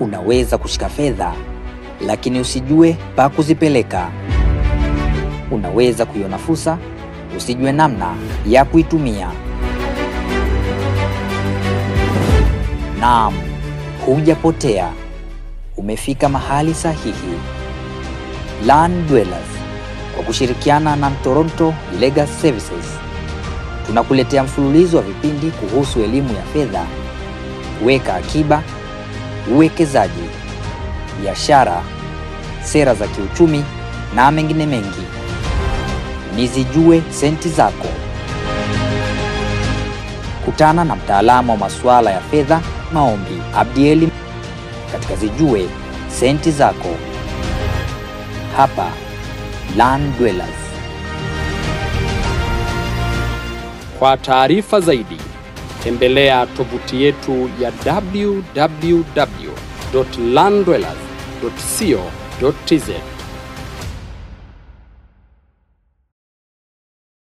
Unaweza kushika fedha lakini usijue pa kuzipeleka. Unaweza kuiona fursa usijue namna ya kuitumia. Naam, hujapotea, umefika mahali sahihi. Land Dwellers kwa kushirikiana na Toronto Legacy Services tunakuletea mfululizo wa vipindi kuhusu elimu ya fedha, kuweka akiba uwekezaji, biashara, sera za kiuchumi na mengine mengi. Nizijue Senti Zako. Kutana na mtaalamu wa masuala ya fedha, maombi, Abdieli katika Zijue Senti Zako hapa Land Dwellers. Kwa taarifa zaidi tembelea tovuti yetu ya www.landwellers.co.tz.